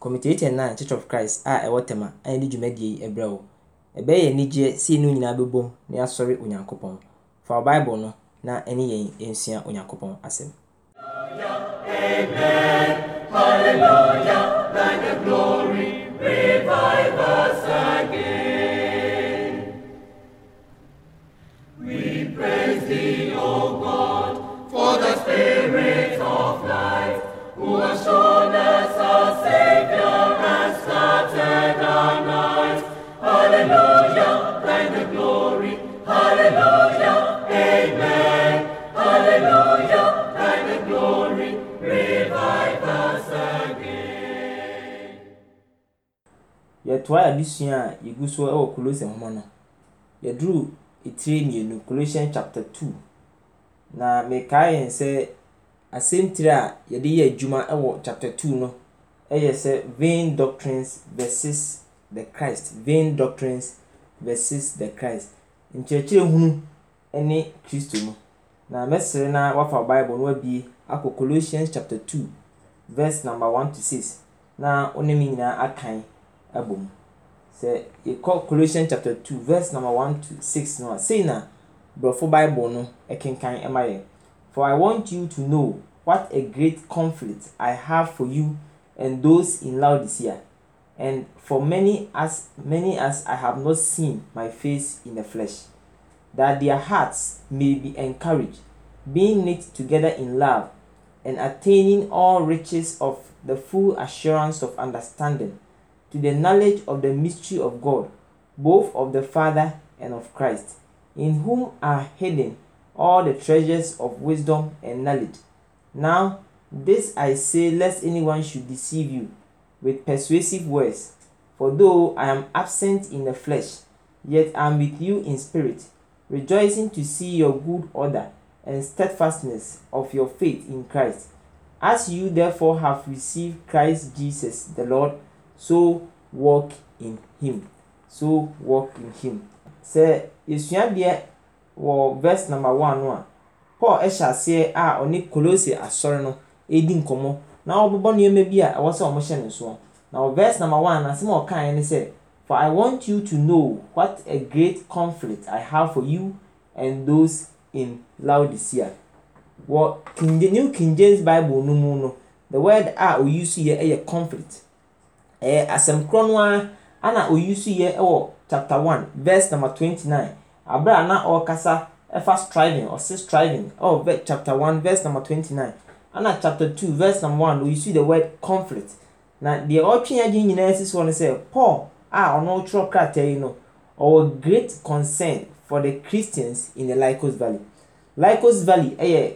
Committee 89 Church of Christ a ɛwɔ Tema a ɛde dwumadie yi rebrɛ wo. Ɛbɛyɛ anigyeɛ sɛ yɛn nyinaa bɛbɔ mu na Onyankopɔn. Fa wo Bible no na ɛne yɛn nsua Onyankopɔn asɛm. Amen. Hallelujah. Thy glory revive us. yɛtoa adesua a yɛgu so wɔ Kolose nhoma no, yɛduruu tire mmienu Colossians chapter two, na merekae yɛn sɛ asɛntire a yɛde yɛ adwuma wɔ chapter two no yɛ sɛ vain doctrines versus the Christ, vain doctrines versus the Christ, nkyerɛkyerɛhunu ne Kristo no, na mɛsrɛ na woafa Bible no abue akɔ Colossians chapter two verse number one to six na wo ne me nyinaa akan abɔ sɛ yɛkɔ colossian chapter two verse number one to six no a sei na borɔfo bible no ɛkenkan ɛma yɛ for i want you to know what a great conflict i have for you and those in laodicea and for many as many as i have not seen my face in the flesh that their hearts may be encouraged being knit together in love and attaining all riches of the full assurance of understanding to the knowledge of the mystery of God, both of the Father and of Christ, in whom are hidden all the treasures of wisdom and knowledge. Now, this I say, lest anyone should deceive you with persuasive words. For though I am absent in the flesh, yet I am with you in spirit, rejoicing to see your good order and steadfastness of your faith in Christ. As you therefore have received Christ Jesus the Lord, so walk in him so walk in him sɛ yɛsua deɛ wɔ verse number one no a paul hyɛ aseɛ a ɔne kolose asɔre no redi nkɔmmɔ na ɔbobɔ nneɛma bi a ɛwɔ sɛ wɔhyɛ ne soɔ na wɔ verse number one asɛm a ɔkaeɛ ne sɛ for i want you to know what a great conflict i have for you and those in laodicea wɔ new king james bible no mu no the word a oyi so yɛ yɛ conflict ɛyɛ asɛm korɔ no ara ana oyi so yɛ ɛwɔ chapter one verse number twenty nine abere a na ɔrekasa ɛfa striving ɔsi striving ɛwɔ oh, chapter one verse number twenty nine ana chapter two verse number one oyi so the word conflict na deɛ ɔtwe agye nyinaa si soɔ no sɛ paul a ɔno twerɛ krataa yi no ɔwɔ great concern for the christians in the lycos valley lycos valley ɛyɛ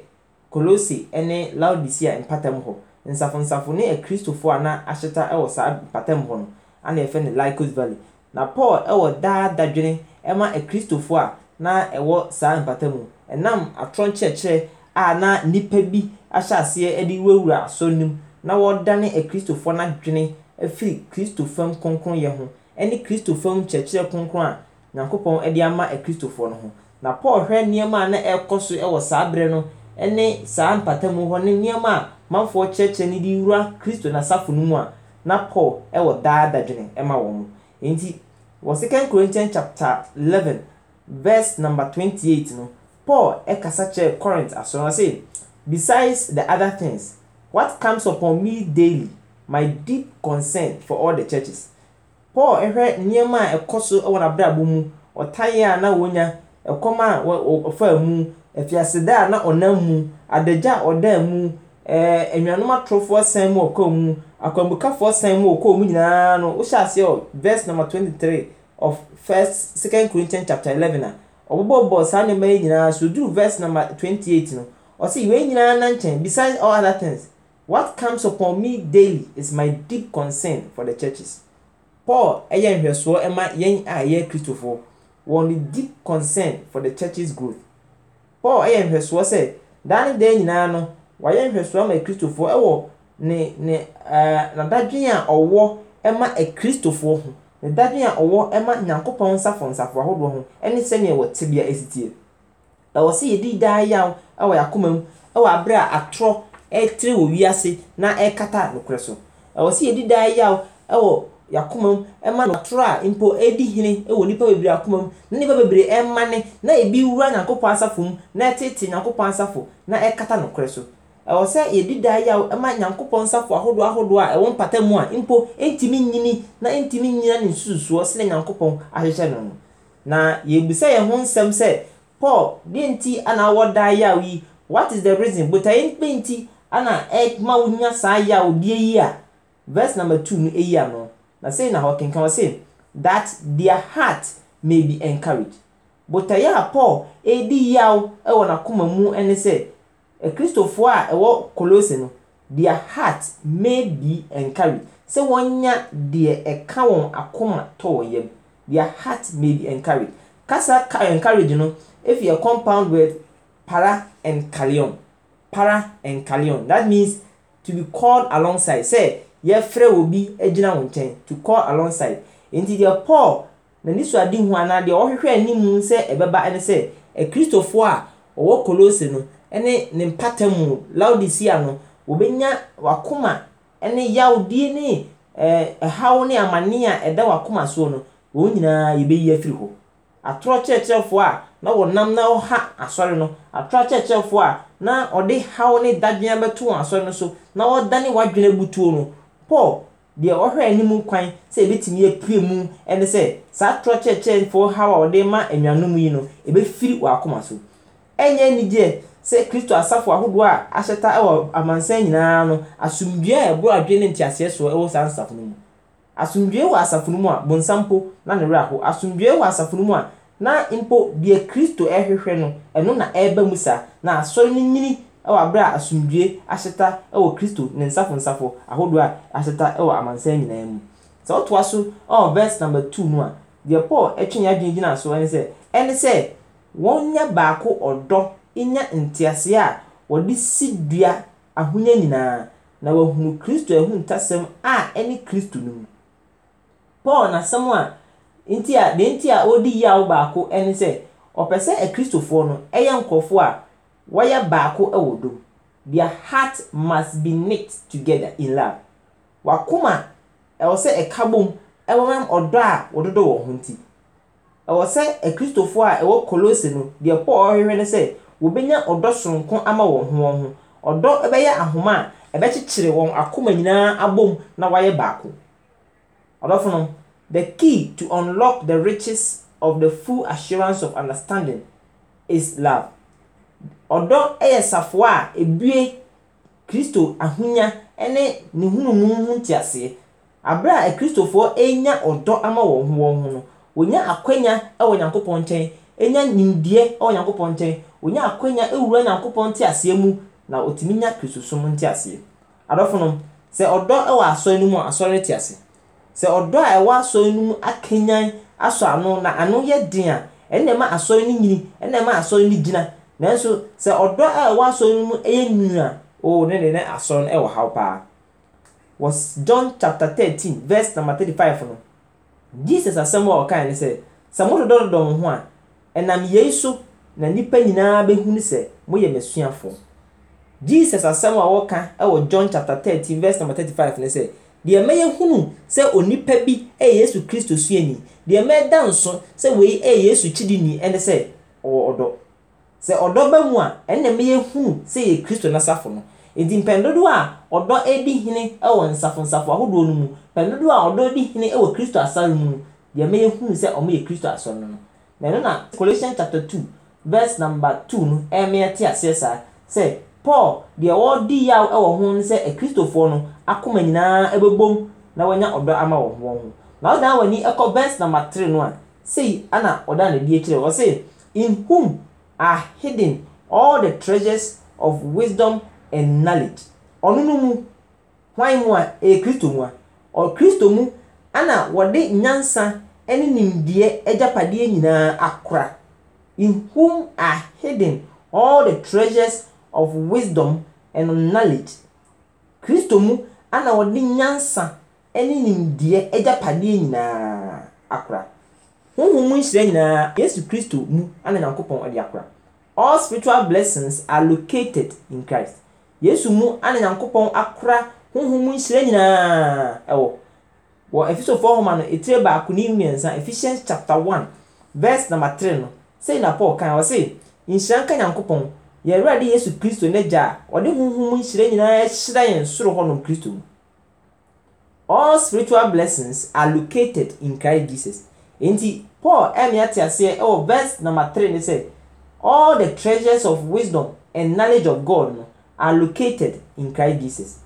Kolosi ɛne laodicea mpatam hɔ nsafonsamfo ne akristofoɔ a na ahyeta wɔ saa mpatamu hɔ no ana yɛfrɛ no lycos valley na paul wɔ daa dadwene ma akristofoɔ a na ɛwɔ saa mpatamu ɛnam atorɔ nkyerɛkyerɛ a na nnipa bi ahyɛ aseɛ de wurawura asɔre no mu na wɔredane akristofoɔ n'adwene afiri kristo fam kronkronyɛ ho ne kristo fam kyerɛkyerɛ kronkron a nyankopɔn de ama akristofoɔ no ho na paul hwɛ nneɛma a na ɛrekɔ so wɔ saa berɛ no ne saa mpatamu hɔ ne nneɛma a manfoɔ kyerɛkyerɛ no de wura kristo n'asafo no mu a na paul wɔ daa dadwene ma wɔn nti wɔ second corinthian chapter eleven verse number twenty-eight no paul kasa kyerɛ corinth asɔrɔ sɛ besides the other things what comes upon me daily my deep concern for all the churches paul hwɛ nneɛma a ɛkɔ so wɔ n'abrabɔ mu ɔtaeɛ a na wɔnya ɛkɔm a wɔfaa mu. afiaseda a na ɔnam mu adagya a ɔdaa mu ɛɛ eh, anuanom atorofoɔ san mu a ɔkɔɔ mu akwanmukafoɔ san mu a ɔkɔɔ mu nyinaa no wohyɛ aseɛ wɔ verse number twenty three of first second corinthians chapter eleven a ɔbɛbɔbɔ saa nneɛma yi nyinaa so duru verse number twenty eight no ɔsi wei nyinaa na nkyɛn besides all other things what comes upon me daily is my deep concern for the churches paul ɛyɛ nhwɛsoɔ ɛma yɛn a yɛyɛ kristofoɔ wɔn deep concern for the churches growth Paul yɛ nhwɛsoɔ sɛ daa ne daa nyinaa no wɔayɛ nhwɛsoɔ ama akristofoɔ wɔ ne ne ɛɛ n'adadwene a ɔwɔ ma akristofoɔ ho, n'adadwene a ɔwɔ ma Nyankopɔn nsafonsafo ahodoɔ ho ne sɛdeɛ wɔte bia si Ɛwɔ sɛ yɛdi daa yaw wɔ yɛn akoma mu wɔ aberɛ a atorɔ retere wɔ wiase na ɛrekata nokorɛ so. Ɛwɔ sɛ yɛdi daa yaw wɔ yɛ akoma mu ɛma no atoro a mpo edi hene ɛwɔ nipa bebree akoma mu na nipa bebree ɛma ne na ebi wura nyankopɔn asafo mu na ɛtete nyankopɔn asafo na ɛkata nokorɛ so ɛwɔ sɛ yɛdi da yi a ɛma nyankopɔn nsafo ahodoɔ ahodoɔ a ɛwɔ mpata mu a mpo ntumi nyini na ntumi nyina ne nsusuo sene nyankopɔn ahyehyɛ no no na yɛbisa yɛn ho nsɛm sɛ paul deɛ nti ana awɔ daa yaw yi what is the reason botaeɛ mpe nti ana ɛma wonya saa yaw deɛ yi a verse number two no ɛyi ano na sei na wɔkenka wɔ se that their heart may be encouraged botaeɛ uh, a paul ɛredi eh, yaw eh, wɔ n'akoma mu eh, ne sɛ akristofoɔ a ɛwɔ kolose no their heart may be encouraged sɛ wɔnya deɛ ɛka wɔn akoma tɔ wɔn yam their heart may be encouraged kasa ka encourage no efi a compound word para and kalion para and kalion that means to be called alongside say yɛfrɛ obi gyina wo nkyɛn to call alongside nti deɛ paul n'ani so ade ho anaa deɛ ɔhwehwɛ anim sɛ ɛbɛba ne sɛ akristofoɔ a wɔwɔ kolose no ne ne mpata mu laodicea no wɔbɛnya wakoma ne yawdie ne eh, ɛhaw ne amane a ɛda wakoma soɔ no wɔn nyinaa yɛbɛyi afiri hɔ atorɔ kyerɛkyerɛfoɔ a na wɔnam na ɔha asɔre no atorɔ kyerɛkyerɛfoɔ a na ɔde haw ne dadwene bɛto wɔn asɔre no so na ɔdane wadwene butuo no paul deɛ ɔhwɛ anim kwan sɛ ebetumi apue mu ɛne sɛ saa atoro kyerɛkyerɛfoɔ haw a ɔde ma anuanom yi no ebefiri wɔ akoma so ɛnyɛ anigyeɛ sɛ kristo asafo ahodoɔ a ahyɛta ɛwɔ amansan nyinaa no asomdue a ɛbɔ adwene ne nteaseɛ soɔ ɛwɔ saa asafo no mu asomdue wɔ asafo no mu a bonsam po na ne werɛ ho asomdue wɔ asafo no mu a na mpo deɛ kristo ɛhwehwɛ no ɛno na ɛreba mu saa na asɔre no nyini ɛwɔ abere a asomdwoe ahyeta ɛwɔ kristo ne nsafonsafo ahodoɔ a ahyeta ɛwɔ amansan nyinaa mu sɛ ɔtoa so ɔwɔ verse number two no a deɛ paul ɛtwe ne adwene gyina so ɛne sɛ ɛne sɛ wɔn nyɛ baako ɔdɔ nya nteaseɛ a wɔde si dua ahonya nyinaa na wɔahunu kristo ahuntasɛm a ɛne kristo no mu paul n'asɛm a nti a deɛ nti a ɔredi yaw baako ɛne sɛ ɔpɛ sɛ akristofoɔ no ɛyɛ nkurɔfoɔ a wɔyɛ baako wɔ dom their heart must be knit together in love wakoma ɛwɔ sɛ ɛka bom ɛwɔ mam ɔdɔ a wɔdodɔ wɔn ho nti ɛwɔ sɛ akristofoɔ a ɛwɔ kolose no deɛ paul ɔrehwehwɛ ne sɛ wɔbɛnya ɔdɔ soronko ama wɔn ho wɔn ho ɔdɔ ɛbɛyɛ ahoma a ɛbɛkyekyere wɔn akoma nyinaa abom na wɔayɛ baako ɔdɔfo no the key to unlock the riches of the full assurance of understanding is love. ɔdɔ yɛ safoɔ a ebue kristo ahonya ne ne hunumu ho nteaseɛ abere a akristofoɔ enya ɔdɔ ama wɔn ho wɔn ho no wɔnya akwanya wɔ nyankopɔn nkyɛn enya nimdeɛ wɔ nyankopɔn nkyɛn Wɔnya akwanya ewura nyankopɔn nteaseɛ mu na otumi nya kristosom nteaseɛ adɔfo no sɛ ɔdɔ wɔ asɔre no mu a asɔre te ase sɛ ɔdɔ a ɛwɔ asɔre no mu akanyan asɔ ano na ano yɛ den a ɛnna ɛma asɔre no nyini ɛnna ɛma asɔre no gyina nanso sɛ ɔdɔ a ɛwɔ asɔre no mu yɛ nua o ne de ne asɔre no wɔ haw paa wɔ john chapter thirteen verse number thirty five no jesus asɛm a ɔkae ne sɛ sɛ motodɔdodɔ mo ho a ɛnam yei so na nnipa nyinaa bɛhunu sɛ moyɛ m'asuafoɔ jesus asɛm a wɔka wɔ john chapter thirteen verse number thirty five ne sɛ deɛ mɛyɛ hunu sɛ onipa bi yɛ yesu kristo suani deɛ mɛda nso sɛ wei yɛ yesu kyidini ɛne sɛ ɔwɔ ɔdɔ sɛ ɔdɔ bɛ mu a ɛnna mɛ yɛ hu sɛ yɛ kristo n'asafo no nti mpɛn dodoɔ a ɔdɔ edi hene ɛwɔ nsafonsafo ahodoɔ no mu mpɛn dodoɔ a ɔdɔ edi hene ɛwɔ kristo asɔre mu deɛ mɛ yɛ hu sɛ ɔmo yɛ kristo asɔre no na ɛno na Colossians chapter two verse number two no ɛmɛ te aseɛ saa sɛ Paul deɛ wɔredi yaw ɛwɔ ho no sɛ akristofoɔ no akoma nyinaa ɛbɛbom na wɔnya ɔdɔ ama wɔn ho ho na ɔdan wɔn ani ɛkɔ verse number three no a sei ɛna ɔdan n'adi akyerɛ wɔ se in whom are hidden all the treasures of wisdom and knowledge ɔno mu hwan mu a ɛyɛ e, kristo mu a ɔkristo mu ɛna wɔde nyansa ɛne nimdeɛ agyapadeɛ nyinaa akora in whom are hidden all the treasures of wisdom and knowledge kristo mu ɛna wɔde nyansa ɛne nimdeɛ agyapadeɛ nyinaa akora honhom mu nhyira nyinaa yesu kristo mu ana nyankopɔn ɔde akora all spiritual blessings are located in christ yesu mu ana nyankopɔn akora honhom mu nhyira nyinaa ɛwɔ wɔ efisofoɔ nhoma no etire baako ne mmiɛnsa ephesians chapter one verse number three no sɛyi na paul kan ɔse nhyira nka nyankopɔn yɛwurade yesu kristo n'agya a ɔde honhom mu nhyira nyinaa ɛhyerɛ yɛn soro hɔnom kristo mu all spiritual blessings are located in christ jesus nti paul ɛna yɛate aseɛ ɛwɔ verse number three ne sɛ all the treasures of wisdom and knowledge of god no are located in christ jesus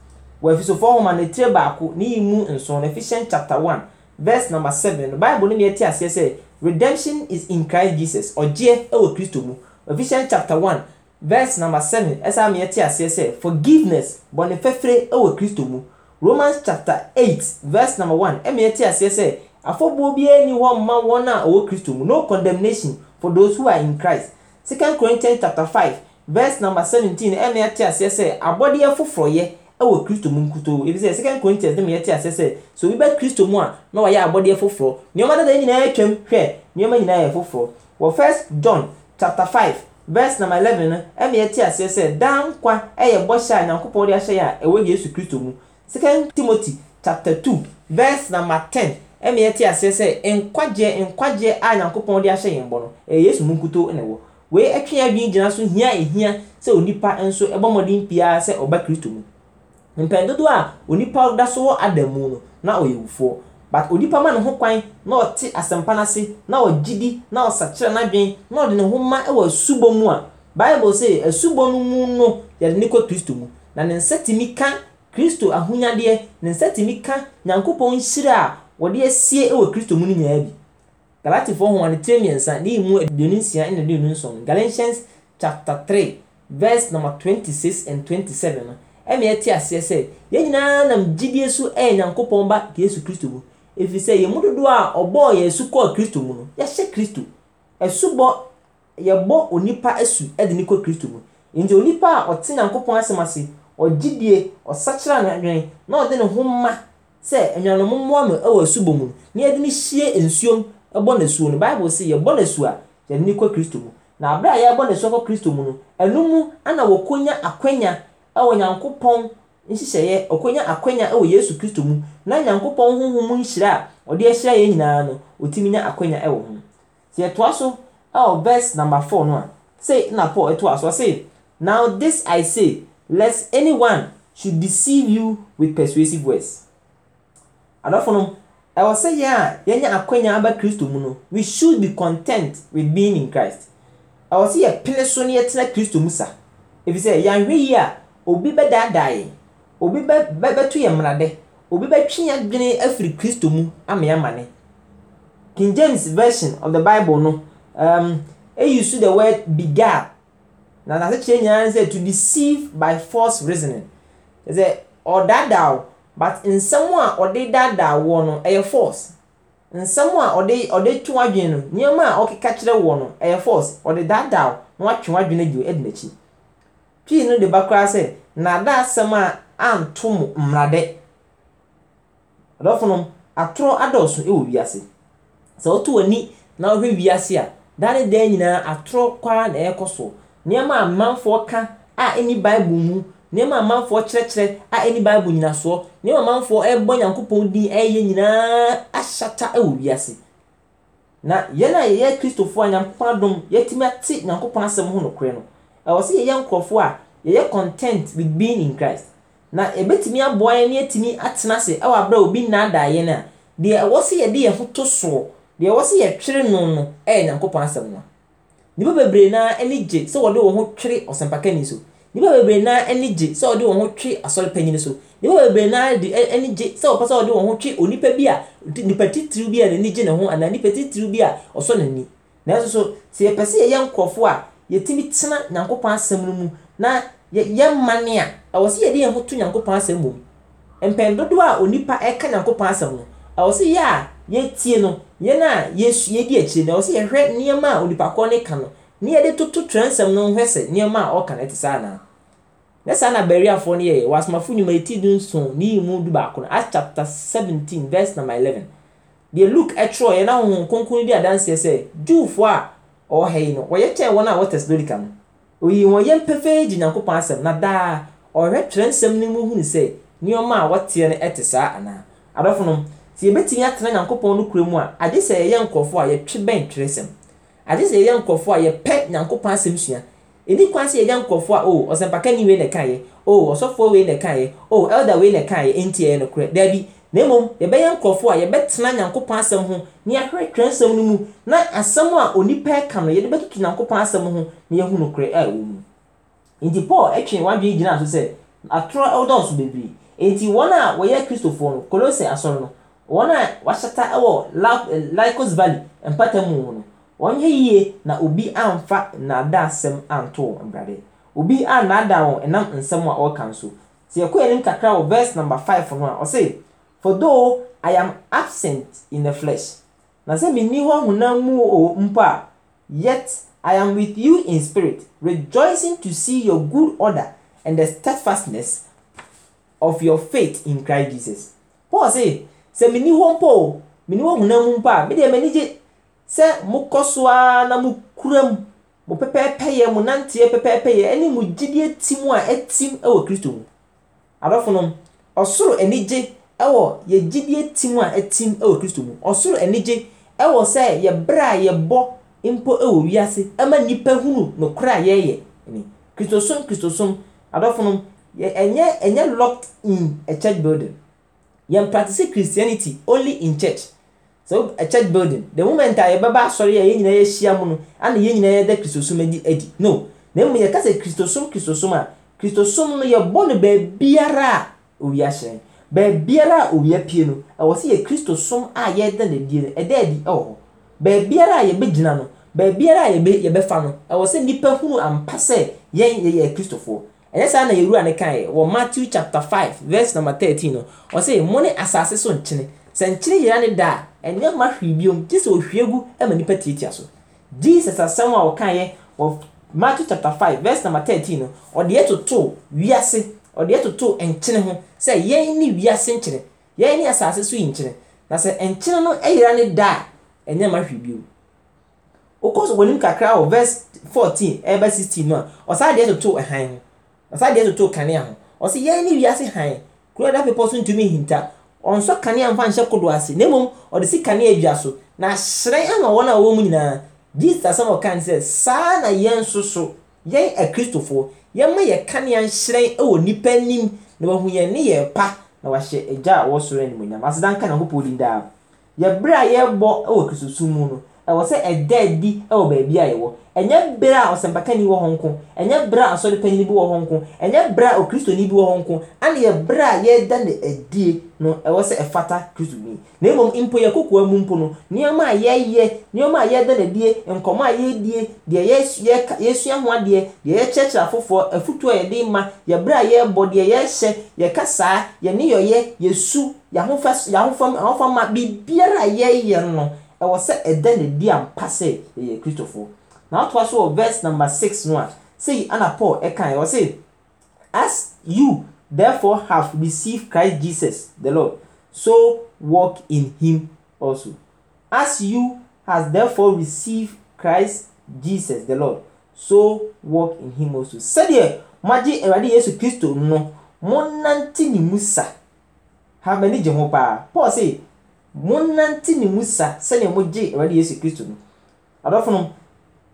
wɔafisofoɔ homa ne tire baako ne yi mu nson no ephesians chapter one verse number seven no bible no na yɛate aseɛ sɛ redemption is in christ jesus ɔgyeɛ ɛwɔ kristo mu ephesians chapter one verse number seven ɛsan mi yɛte aseɛ sɛ forgiveness bɔnne fɛfɛɛrɛ ɛwɔ kristo mu romans chapter eight verse number one ɛmi yɛte aseɛ sɛ afɔbuo biara nni hɔ mma wɔn a wɔwɔ kristo mu no condemnation for those who are in christ second corinthians chapter five verse number seventeen ɛna ɛte aseɛ sɛ abɔdeɛ foforɔyɛ ɛwɔ kristo mu nkutoo ebi sɛ second corinthians dɛm yɛte aseɛ sɛ so obi bɛ kristo mu a na wɔyɛ abɔdeɛ foforɔ nneɛma dada nyinaa atwam hwɛ nneɛma nyinaa yɛ foforɔ wɔ first john chapter five verse number eleven no ɛna yɛte aseɛ sɛ dan ɛyɛ bɔhyɛ a nyankopɔn de ahyɛ yɛ a ɛwɔ yesu kristo mu second timothy chapter two verse number ten ɛma yɛte aseɛ sɛ nkwagyeɛ nkwagyeɛ a nyankopɔn de ahyɛ yɛn bɔ no ɛyɛ yesu mu nkuto na ɛwɔ wei atwe yɛn adwene gyina so hia ehia sɛ onipa nso ɛbɔ mmɔden pia sɛ ɔba kristo mu mpɛn dodoɔ a onipa da so wɔ adamu no na ɔyɛ wufoɔ but onipa ma ne ho kwan na ɔte asɛmpa n'ase na ɔgyidi na ɔsakyerɛ n'adwene na ɔde ne ho ma ɛwɔ asubɔ mu a bible sɛ asubɔ no mu no yɛde ne kɔ kristo mu na ne nsa tumi ka kristo ahonyadeɛ ne nsa tumi ka nyankopɔn nhyira a wɔde asie wɔ kristo mu no nyinaa bi galatifoɔ ho tire mmiɛnsa ne mu aduonu nsia ne aduonu nson galatians chapter three verse number twenty six and twenty seven no ɛna ɛte aseɛ sɛ yɛn nyinaa nam gyidie so ɛyɛ nyankopɔn ba yesu kristo mu efi sɛ yɛn mu dodoɔ a ɔbɔɔ yɛn so kɔɔ kristo mu no yɛhyɛ kristo ɛsobɔ yɛbɔ onipa asu ɛde ne kɔ kristo mu nti onipa a ɔte nyankopɔn asɛm ase ɔgyidie ɔsakyera n'adwene na ɔde ne ho ma sɛ anuanom mmoa no wɔ asubɔ mu na yɛde no hyie nsuom bɔ n'asuo no bible sɛ yɛbɔ n'asuo a yɛde no kɔ kristo mu na abere a yɛbɔ n'asuo kɔ kristo mu no ɛno mu ana wɔkɔnya akwanya wɔ nyankopɔn nhyehyɛeɛ ɔkɔnya akwanya wɔ na nyankopɔn a ɔde ahyira yɛn nyinaa no ɔtumi nya akwanya wɔ ho sɛ yɛtoa so wɔ verse number four no a sɛ na paul so now this i say lest anyone should deceive you adɔfonom ɛwɔ sɛ yɛn a yɛnya akwanya aba kristo mu no we should be content with being in christ ɛwɔ sɛ yɛpene so na yɛtena kristo mu sa efisɛ yɛanhwɛ yie a obi bɛdaadaa yɛn obi bɛ bɛto yɛn mmerade obi bɛtwe yɛn adwene afiri kristo mu ama yɛn amane king james version of the bible no um, eyi so the word beguile na n'asekyerɛ nyinaa sɛ to deceive by false reasoning ɛsɛ ɔdaadaa o. but nsɛm a ɔde daadaa woɔ no ɛyɛ false nsɛm a ɔde ɔde tu adwene no nneɛma a ɔkeka kyerɛ woɔ no ɛyɛ false ɔde daadaa na watwe wadwene adi ɛdi n'akyi twii no de ba koraa sɛ naadaa asɛm a anto mu mmerade no atorɔ adɔɔso ɛwɔ wiase sɛ woto w'ani na ɔhwɛ wiase a dade dan nyinaa atorɔ kwaa na ɛkɔ so nneɛma a amanfoɔ ka a ɛni bible mu nneɛma amanfoɔ kyerɛkyerɛ a ɛne bible nyinasoɔ nneɛma amanfoɔ ɛbɔ nyankopɔn din ɛyɛ nyinaa ahyata ɛwɔ wiase na yɛn a yɛyɛ kristofoɔ a nyankopɔn yɛtumi ate nyankopɔn asɛm ho nokorɛ no ɛwɔ sɛ yɛyɛ a yɛyɛ content with being in na yɛbɛtumi aboa yɛn ne atena ase ɛwɔ obi a deɛ ɛwɔ sɛ yɛde yɛn ho to soɔ deɛ ɛwɔ sɛ yɛtwere no no ɛyɛ nyankopɔn asɛm no bebree naa gye sɛ nipa bebree naa ani gye sɛ ɔde wɔn ho twe asɔre panyin so nipa bebree naa de eh, ani gye sɛ ɔpɛ sɛ ɔde wɔn ho twe onipa bi a nipa titiriw bi a n'ani gye ne ho anaa nipa titiriw bi a ɔsɔ n'ani nanso so sɛ yɛpɛ sɛ yɛyɛ nkurɔfoɔ a yɛtumi tena nyankopɔn asɛm no mu na yɛyɛ mmane a ɛwɔ sɛ yɛde yɛn ho to nyankopɔn asɛm mu mpɛn dodoɔ a onipa ɛka nyankopɔn asɛm no ɛwɔ sɛ yɛ a yɛtie no yɛn a yɛdi akyire no ɛwɔ sɛ yɛhwɛ nneɛma a onipa korɔ no ka no ne yɛde toto twerɛnsɛm no hwɛ sɛ nneɛma a ɔka no te saa na. na saa na bariafoɔ no yɛyɛ wɔasomafo nnwuma ɛti du nson ne yi mu du baako no chapter 17 verse number 11 deɛ luke ɛtwerɛ yɛ na honhom kronkron adanseɛ sɛ a ɔwɔ yi no wɔyɛ kyɛn wɔn a wɔwɔ no wɔn asɛm na daa ɔhwɛ twerɛnsɛm no mu hunu sɛ nneɛma a wɔteɛ no saa anaa adɔfo no sɛ yɛbɛtumi atena nyankopɔn no mu a sɛ yɛyɛ nkurɔfoɔ a yɛtwe bɛn twerɛsɛm ade sɛ yɛyɛ nkurɔfoɔ a yɛpɛ nyankopɔn asɛm sua ɛni kwan sɛ yɛyɛ nkurɔfoɔ a o oh, ɔsɛmpakani wei na ɛkaeɛ o oh, ɔsɔfoɔ wei na ɛkaeɛ o oh, elda wei na ɛkaeɛ ɛnti ɛyɛ nokorɛ daabi na mmom yɛbɛyɛ nkurɔfoɔ a yɛbɛtena nyankopɔn asɛm ho na yɛahwɛ twerɛnsɛm no mu na asɛm a onipa ɛka no yɛde bɛtutu nyankopɔn asɛm ho na yɛahu nokorɛ a ɛwɔ mu nti paul ɛtwe wadwene gyina so sɛ atorɔ ɛwodɔɔso bebree nti wɔn a wɔyɛ kristofoɔ no kolose asɔre no wɔn a wɔahyɛta ɛwɔ lycos eh, valley mpata mu no wɔnyɛ yie na obi amfa nnaadaasɛm anto wɔn abrade obi annaadaa wɔn ɛnam nsɛm a ɔreka nso sɛ yɛkɔ yɛn kakra wɔ verse number five no a ɔse for though i am absent in the flesh na sɛ menni hɔ honam mu o mpo a yet i am with you in spirit rejoicing to see your good order and the steadfastness of your faith in christ jesus paul say sɛ menni hɔ mpo o menni hɔ honam mu mpo a medeɛ m'ani gye sɛ mokɔ so ara na mokura mu mo pɛpɛɛpɛyɛ mo nanteɛ pɛpɛɛpɛyɛ ɛne mo gyidie ti mu a ɛtim ɛwɔ kristo mu adɔfo no ɔsoro anigye ɛwɔ yɛ gyidie ti a ɛtim ɛwɔ kristo mu ɔsoro anigye ɛwɔ sɛ yɛbrɛ a yɛbɔ mpo ɛwɔ wiase ɛma nipa hunu nokora a yɛyɛ ɛni kristosom kristosom adɔfo no yɛ ɛnyɛ ɛnyɛ locked in a church building yɛn practice christianity only in church so a church building the moment a yɛbɛba asɔre a yɛn nyinaa yɛahyia mu no ana yɛn nyinaa yɛda kristosom adi adi no na mmom yɛka sɛ kristosom kristosom a kristosom oh. no yɛbɔ no baabiara a owi ahyerɛn baabiara a owi apue no ɛwɔ sɛ yɛ kristosom a yɛda no adie no ɛda adi ɛwɔ hɔ baabiara a yɛbɛgyina no baabiara a yɛbɛ yɛbɛfa no ɛwɔ sɛ nnipa hunu ampa sɛ yɛn yɛyɛ kristofoɔ ɛnyɛ saa na yɛwura ne kaeɛ wɔ matthew chapter five verse number thirteen no ɔsɛ mo ne asase so nkyene sɛ nkyene yɛra ne da a ɛnyɛ ma hwee biom gye sɛ ohwie gu ma nipa tiatia so jesus asɛm a wɔkaeɛ wɔ matthew chapter five verse number thirteen no ɔde ɛtoto wiase ɔde ɛtoto nkyene ho sɛ yɛn ni wiase nkyene yɛn ni asase so yi nkyene na sɛ nkyene no ayira ne da a ɛnyɛ ma hwee biom okɔ so wɔnim kakra wɔ verse fourteen ɛbɛ eh, sixteen no a ɔsan deɛ toto ɛhan ho ɔsan deɛ toto kanea ho ɔsɛ yɛn ne wiase han kuro pepɔ so ntumi hinta ɔnsɔ kanea mfa nhyɛ kodoɔ ase na mmom ɔde si kanea dua so na ahyerɛn ama wɔn a wɔwɔ mu nyinaa jesus asɛm ɔka ne sɛ saa na yɛn nso so yɛn akristofoɔ yɛma yɛ kanea nhyerɛn wɔ nnipa anim na wɔahu yɛn ne yɛn pa na wɔahyɛ agya a wɔsoro animuonyam aseda nka nyankopɔn din daa yɛbrɛ a yɛrebɔ wɔ kristosom mu no ɛwɔ sɛ ɛda adi wɔ baabi a yɛwɔ ɛnyɛ berɛ a ɔsɛmpakani wɔ hɔ nko ɛnyɛ berɛ a ɔsɔrepanyini bi wɔ hɔ nko ɛnyɛ berɛ a okristoni bi wɔ hɔ nko ana yɛ berɛ a yɛda ne adie no ɛwɔ sɛ ɛfata kristoni na mmom mpo yɛ kokoa mu mpo no nneɛma a yɛyɛ nneɛma a yɛda n'adie nkɔmɔ a yɛdie deɛ yɛsua ho adeɛ deɛ yɛkyerɛkyerɛ afoforɔ afutuo a yɛde ma yɛ berɛ a yɛrebɔ deɛ yɛhyɛ yɛka yɛne yɛyɛ yɛsu yɛahofam biribiara a yɛyɛ no ɛwɔ sɛ ɛda ne di ampa sɛ ɛyɛ kristofo na ɔtoa so wɔ verse number six no a sɛyi ana paul ɛka ɛwɔ sɛ as you therefore have received christ jesus the lord so walk in him also as you has therefore received christ jesus the lord so walk in him also sɛdeɛ mo agye awurade yesu kristo no mo nante ne mu sa ha m'ani gye ho paa paul say monnante ne mu sa sɛnea mogye awurade yesu kristo no adɔfo no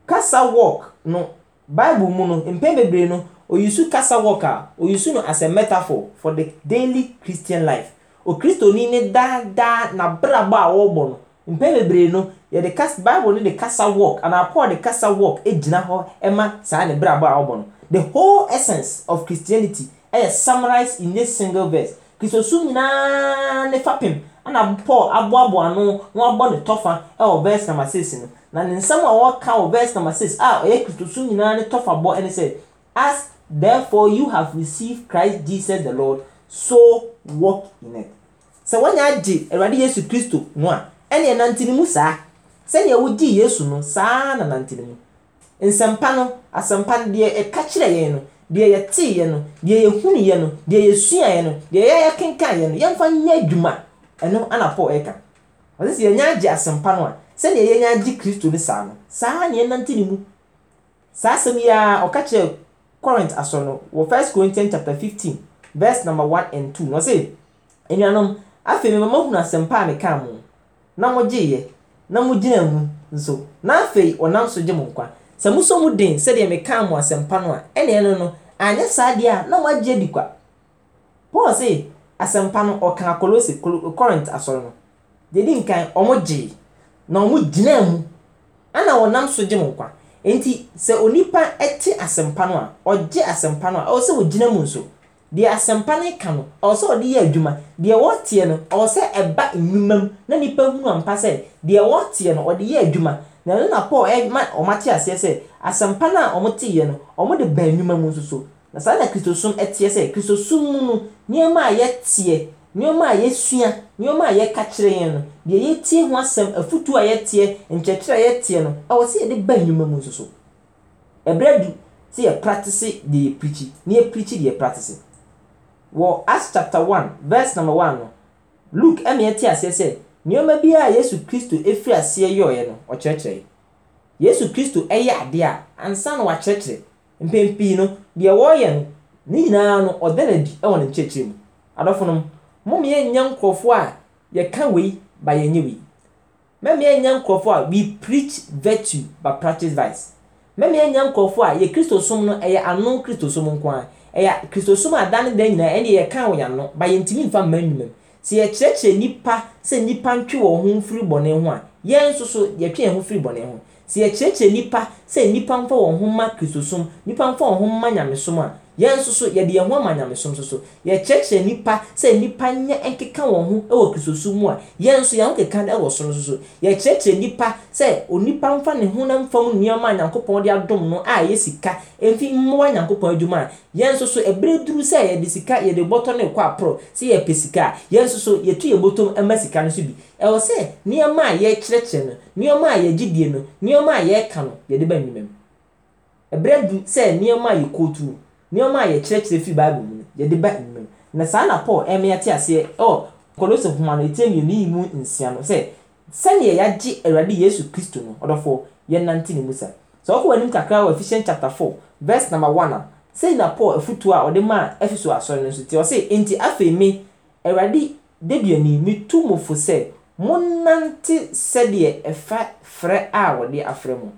kasa walk no bible mu no mpɛn bebree no oyisu kasa walk a oyisu no as a metaphor for the daily christian life okristoni ne daadaa n'abrabɔ a wɔrebɔ no mpɛn bebree no yɛde kas bible no de kasa walk anaa paul de kasa walk egyina hɔ ɛma saa ne brabɔ a wɔrebɔ no the whole essence of christianity ɛyɛ summarized in this single verse kristosum nyinaa ne fapem ɛna paul aboaboa ano na wabɔ ne tɔfa ɛwɔ verse number six no na ne nsɛm a wɔka wɔ verse number six a ɔyɛ kristosu nyinaa ne tɔfa bɔ ɛne sɛ as therefore you have received christ jesus the lord so walk in it sɛ wɔnyɛ agye awurade yesu kristo no a ɛne ɛnante ne mu saa sɛnea wogye yesu no saa na nante ne mu nsɛmpa no asɛmpa no deɛ ɛka kyerɛ yɛn no deɛ yɛtee yɛn no deɛ yɛhunu yɛn no deɛ yɛsua yɛn no deɛ yɛyɛ kenkan yɛn no yɛmfa nyɛ adwuma ɛno ɛna paul ɛka ɔsɛ sɛ yɛnya agye asɛmpa no a sɛdeɛ yɛnya agye kristo no saa no saa neɛ nante ne mu saa asɛm yi a ɔka kyerɛ corinth asɔ no wɔ first corinthians chapter fifteen verse number one and two na ɔsɛ anuanom afei mema mahunu asɛmpa a mekaa mo na mogyeeɛ na mogyina mu nso na afei ɔnam so gye mo nkwa sɛ mosɔ mu den sɛdeɛ mekaa mo asɛmpa no a ɛneɛ no no anyɛ saa deɛ a na moagye adi kwa paul sɛ asɛmpa no ɔkan kolosi current asɔre no dedi nkan wɔn gye na wɔn gyina mu ɛna wɔnam so gye mu nkwa nti sɛ onipa te asɛmpa no a ɔgye asɛmpa no a ɔwɔ sɛ ɔgyina mu nso deɛ asɛmpa no ka no ɔwɔ sɛ ɔde yɛ adwuma deɛ wɔteɛ no ɔwɔ sɛ ɛba nnwuma mu na nipa hu ampa sɛ deɛ wɔteɛ no ɔde yɛ adwuma na ɛno na paul ɛma wɔn ate aseɛ sɛ asɛmpa no a wɔteeɛ no wɔde ba nnwuma mu nso so na saa na kristosum teɛ sɛ kristosum mu no nneɛma a yɛteɛ nneɛma a yɛsua nneɛma a yɛka kyerɛ yɛn no deɛ yɛtie ho asɛm afutuo a yɛteɛ nkyɛkyerɛ a yɛteɛ no ɛwɔ sɛ yɛde ba nnwuma mu nso so du sɛ yɛ practice deɛ yɛ pirikyi na yɛ deɛ practice wɔ acts chapter one verse number one no luke ɛna yɛte aseɛ sɛ nneɛma bi a yesu kristo efiri aseɛ yɛɔyɛ no ɔkyerɛkyerɛ yesu kristo ɛyɛ adeɛ a ansa na wakyerɛkyerɛ mpɛn pii no deɛ wɔreyɛ no ne nyinaa no ɔda no adi wɔ ne nkyerɛkyerɛ mu adɔfo no mmomi yɛn nya nkurɔfoɔ a yɛka wei ba yɛn nyɛ wei mmɛmi yɛn nya nkurɔfoɔ a we preach virtue but practice vice mmɛmi yɛn nya nkurɔfoɔ a yɛ kristo som no ɛyɛ ano kristo som nkoa ɛyɛ kristo som a dan dan nyinaa ɛne yɛka wɔ yɛn ano ba yɛntumi nfa mmaa nnwuma mu sɛ yɛkyerɛkyerɛ nipa sɛ nipa ntwe wɔn ho mfiri bɔne ho a yɛn nso so yɛtwe yɛn ho firi bɔne ho sɛ yɛkyerɛkyerɛ nnipa sɛ nnipa mfa wɔn ho mma kristosom nnipa mfa wɔn ho mma nyamesom a yɛn nso so yɛde yɛn ho ama nyamesom so so yɛkyerɛkyerɛ nipa sɛ nipa nyɛ nkeka wɔn ho wɔ kristosu mu a yɛn nso yɛn ho keka wɔ soro so so yɛkyerɛkyerɛ nipa sɛ onipa mfa ne ho na mfa mu nneɛma a nyankopɔn de adom no a ɛyɛ sika mfi mmoa nyankopɔn adwuma a yɛn nso so ɛbere duru sɛ yɛde sika yɛde bɔtɔ ne kɔ aporɔ sɛ yɛpɛ sika a yɛn nso so yɛtu yɛn bɔtɔm ma sika no so bi ɛwɔ sɛ nneɛma a yɛkyerɛkyerɛ no nneɛma a yɛgye die no nneɛma a yɛka no yɛde ba nnwuma mu ɛbere du sɛ nneɛma a yɛkyerɛkyerɛ fi bible mu no yɛde ba mu na saa na paul ɛmɛ yɛte aseɛ ɛwɔ kolosi nhoma no etire mmienu yi mu nsia no sɛ sɛnea yɛagye awurade yesu kristo no ɔdɔfoɔ yɛnante ne mu sa sɛ ɔkɔ w'anim kakra wɔ ephesians chapter four verse number one a sɛyi na paul afutuo a ɔde maa ɛfeso asɔre no nso te ɔse nti afei me awurade deduani metu mo fo sɛ monnante sɛdeɛ ɛfa frɛ a wɔde afrɛ mo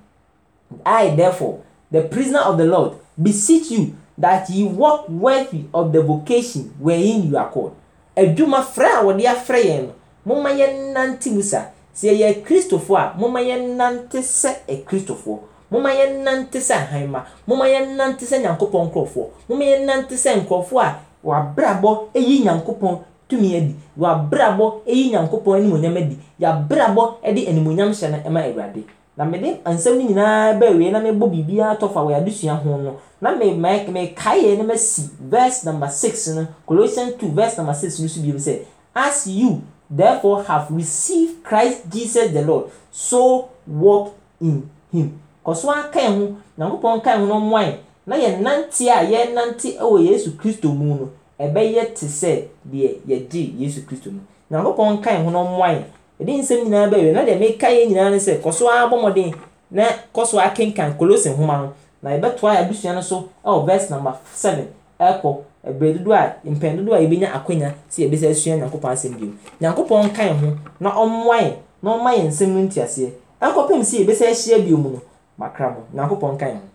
i therefore the prisoner of the lord beseech you that ye walk worthy of the vocation wherein you are called adwuma frɛ a wɔde afrɛ yɛn no momma yɛnnante mu saa sɛ yɛyɛ akristofoɔ a momma yɛnnante sɛ akristofoɔ momma yɛnnante sɛ ahanma momma yɛnnante sɛ nyankopɔn nkurɔfoɔ momma yɛnnante sɛ nkurɔfoɔ a wabrabɔ yi nyankopɔn tumi adi wabrabɔ yi nyankopɔn animonyam adi yabrabɔ de animonyam hyɛ no ma awurade na mede nsɛm no nyinaa bɛwie na mebɔ biribiara tɔ fa wɔ yɛadesua ho no na mekaeɛ na masi verse number 6 no colossians 2 verse number 6 no so bio sɛ as you therefore have received christ jesus the lord so walk in him kɔ so akae ho nyankopɔn kae ho no mmoae na yɛnante a yɛnante wɔ yesu kristo mu no ɛbɛyɛ te sɛ deɛ yɛgye yesu kristo mu nyankopɔn kae ho no mmoae yɛde nsɛm nyinaa bɛyɛ na deɛ meka yɛ nyinaa ne sɛ kɔ so ara bɔ mmɔden na kɔ so akenkan Kolose nhoma no na yɛbɛtoa yɛ adesua no so ɛwɔ verse number seven ɛkɔ ɛbɛrɛ dodo a mpɛn dodo a yɛbɛnya akɔnya sɛ yɛbɛsɛ asua nyankopɔn asɛm bio nyankopɔn nka yɛn ho na ɔmmoa yɛn na ɔmma yɛn nsɛm no ntiaseɛ ɛkɔpem sɛ yɛbɛsɛ ahyia bio mu no makra mo nyankopɔn nka yɛn ho